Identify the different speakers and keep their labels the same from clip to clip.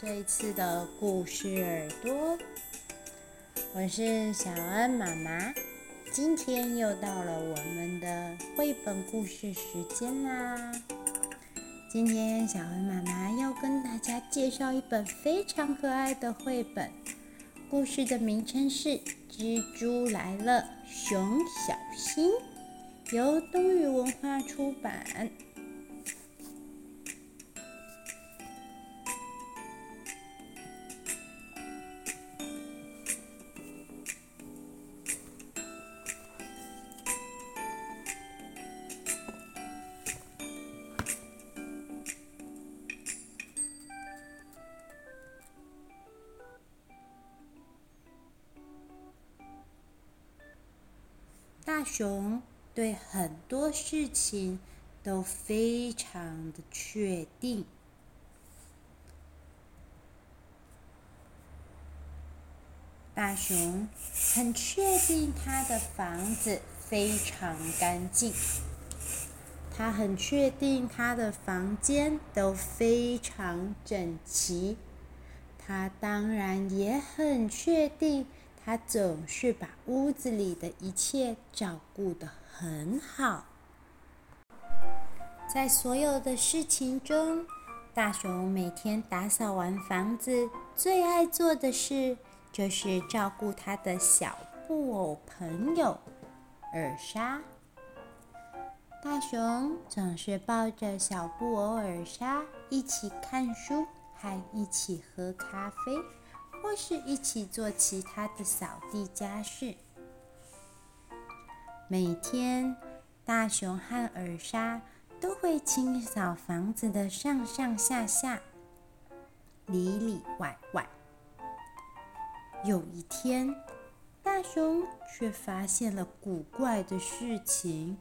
Speaker 1: 這一次的故事耳朵，我是小恩媽媽。今天又到了我們的繪本故事時間啦、啊！今天小恩媽媽要跟大家介紹一本非常可愛的繪本，故事的名稱是《蜘蛛來了，熊小心》，由東雨文化出版。大熊對很多事情都非常的確定。大熊很確定他的房子非常乾淨，他很確定他的房間都非常整齊，他當然也很確定。他總是把屋子裡的一切照顧得很好。在所有的事情中，大熊每天打掃完房子，最愛做的事就是照顧他的小布偶朋友爾莎。大熊總是抱着小布偶爾莎一起看書，還一起喝咖啡。或是一起做其他的掃地家事。每天，大熊和爾莎都會清掃房子的上上下下、裡裡外外。有一天，大熊卻發現了古怪的事情。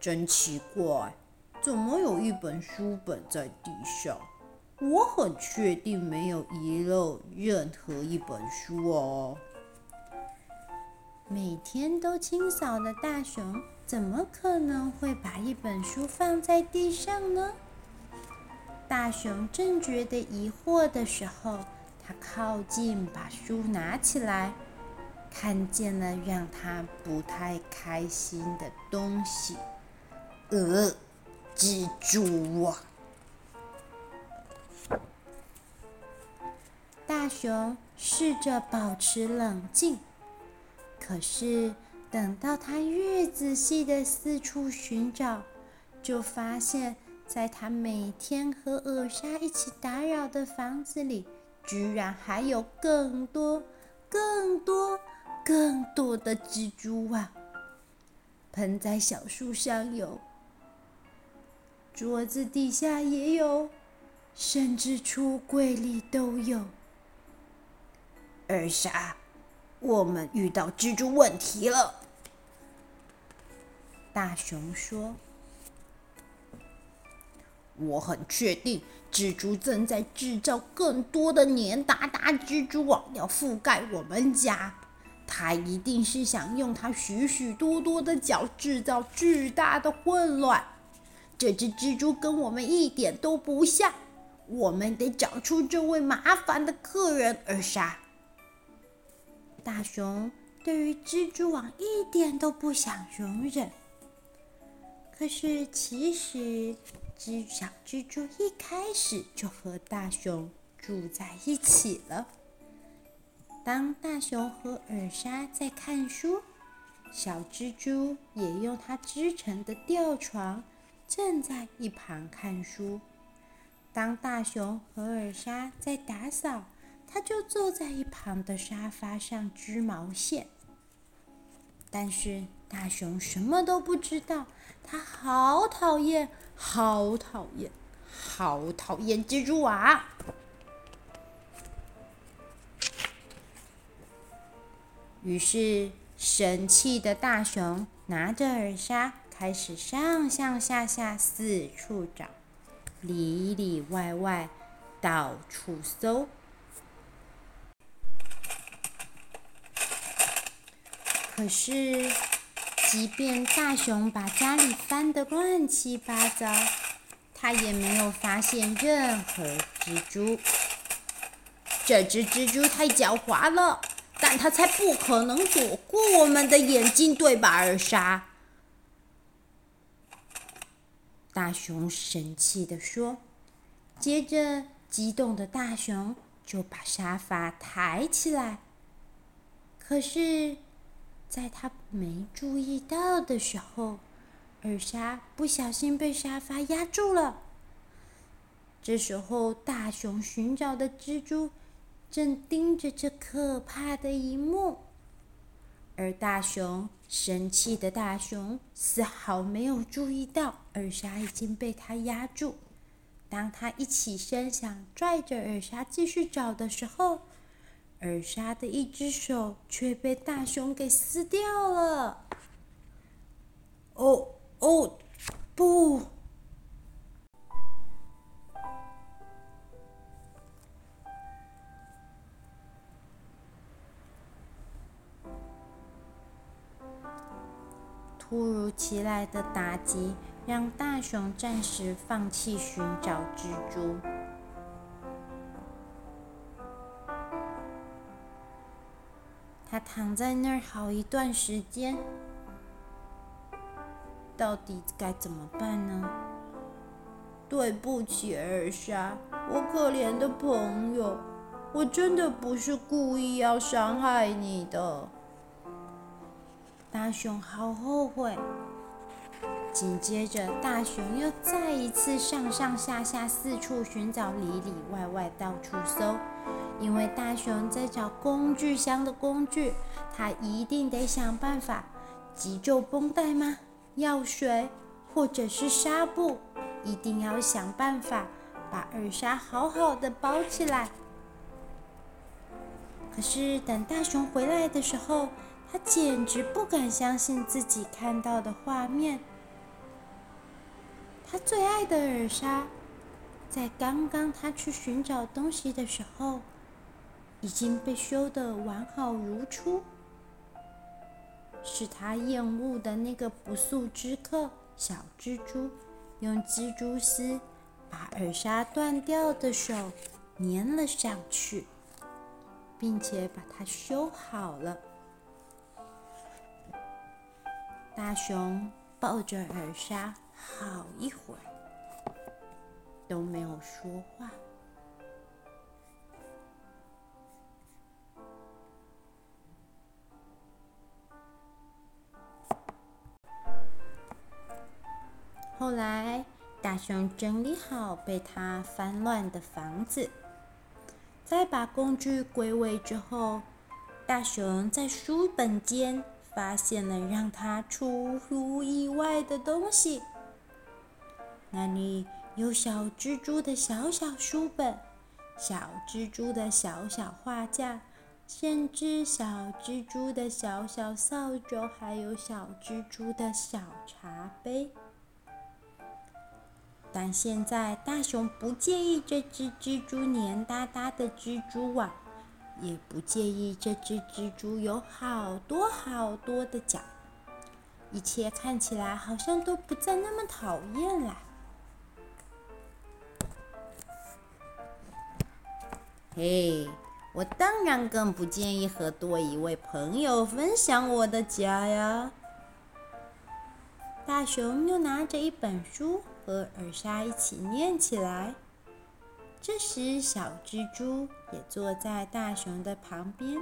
Speaker 1: 真奇怪，怎麼有一本書本在地上？」我很確定沒有遺漏任何一本書哦。每天都清掃的大熊，怎麼可能會把一本書放在地上呢？大熊正覺得疑惑的時候，他靠近把書拿起來，看見了讓他不太開心的東西——呃，蜘蛛網。大熊試着保持冷靜，可是等到他越仔細的四處尋找，就發現，在他每天和惡鯊一起打擾的房子裡，居然還有更多、更多、更多的蜘蛛啊！盆栽小樹上有，桌子底下也有，甚至櫥櫃裡都有。二傻，我們遇到蜘蛛問題了。大熊說：“我很確定，蜘蛛正在制造更多的黏噠噠蜘蛛網，要覆蓋我們家。它一定是想用它許許多多的腳制造巨大的混亂。這只蜘蛛跟我們一點都不像。我們得找出這位麻煩的客人。而”二傻。大熊對於蜘蛛網一點都不想容忍。可是，其實小蜘蛛一開始就和大熊住在一起了。當大熊和爾莎在看書，小蜘蛛也用它織成的吊床正在一旁看書。當大熊和爾莎在打掃。他就坐在一旁的沙發上織毛線，但是大熊什麼都不知道。他好討厭，好討厭，好討厭蜘蛛網啊。於是神氣的大熊拿着耳塞，開始上上下下四處找，裡裡外外到處搜。可是，即便大熊把家裡翻得亂七八糟，他也沒有發現任何蜘蛛。這只蜘蛛太狡猾了，但它才不可能躲過我們的眼睛，對吧，二莎？大熊神氣地說。接着，激動的大熊就把沙發抬起來。可是。在他沒注意到的時候，耳沙不小心被沙發壓住了。這時候，大熊尋找的蜘蛛正盯着這可怕的一幕，而大熊生氣的大熊絲毫沒有注意到耳沙已經被他壓住。當他一起身想拽着耳沙繼續找的時候，爾莎的一隻手卻被大熊給撕掉了。哦哦，不！突如其來的打擊讓大熊暫時放棄尋找蜘蛛。他躺在那兒好一段時間，到底該怎麼辦呢？對不起，艾莎，我可憐的朋友，我真的不是故意要傷害你的。大熊好後悔。緊接着，大熊又再一次上上下下、四處尋找，裡裡外外，到處搜。因為大熊在找工具箱的工具，他一定得想辦法急救繃帶嗎？藥水或者是紗布？一定要想辦法把耳沙好好的包起來。可是等大熊回來的時候，他簡直不敢相信自己看到的畫面。他最愛的耳沙，在剛剛他去尋找東西的時候。已經被修得完好如初，是他厭惡的那個不速之客小蜘蛛，用蜘蛛絲把耳沙斷掉的手粘了上去，並且把它修好了。大熊抱着耳沙好一會兒，都沒有說話。大熊整理好被他翻亂的房子，再把工具歸位之後，大熊在書本間發現了讓他出乎意外的東西。那裡有小蜘蛛的小小書本，小蜘蛛的小小畫架，甚至小蜘蛛的小小掃帚，還有小蜘蛛的小茶杯。但現在大熊不介意這隻蜘蛛黏噠噠的蜘蛛網、啊，也不介意這隻蜘蛛有好多好多的腳，一切看起來好像都不再那麼討厭了。嘿、hey，我當然更不介意和多一位朋友分享我的家呀。大熊又拿着一本書。和爾莎一起念起來。這時，小蜘蛛也坐在大熊的旁邊，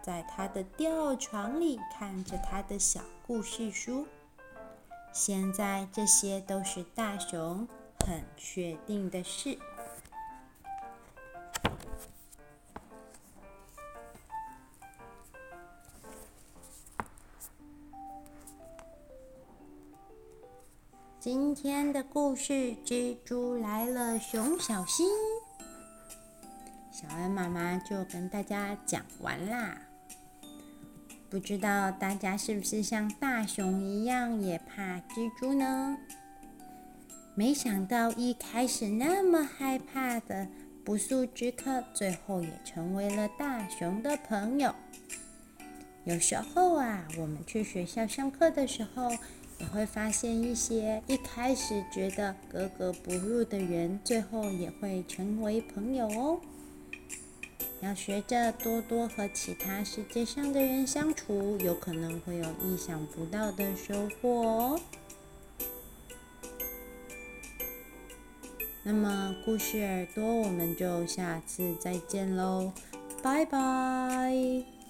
Speaker 1: 在它的吊床裡看着他的小故事書。現在，這些都是大熊很確定的事。今天的故事，蜘蛛來了，熊小心。小安媽媽就跟大家講完啦。不知道大家是不是像大熊一樣也怕蜘蛛呢？沒想到一開始那麼害怕的不速之客，最後也成為了大熊的朋友。有時候啊，我們去學校上課的時候。也會發現一些一開始覺得格格不入的人，最後也會成為朋友哦。要學着多多和其他世界上的人相處，有可能會有意想不到的收穫哦。那麼故事耳朵，我們就下次再見嘍，拜拜。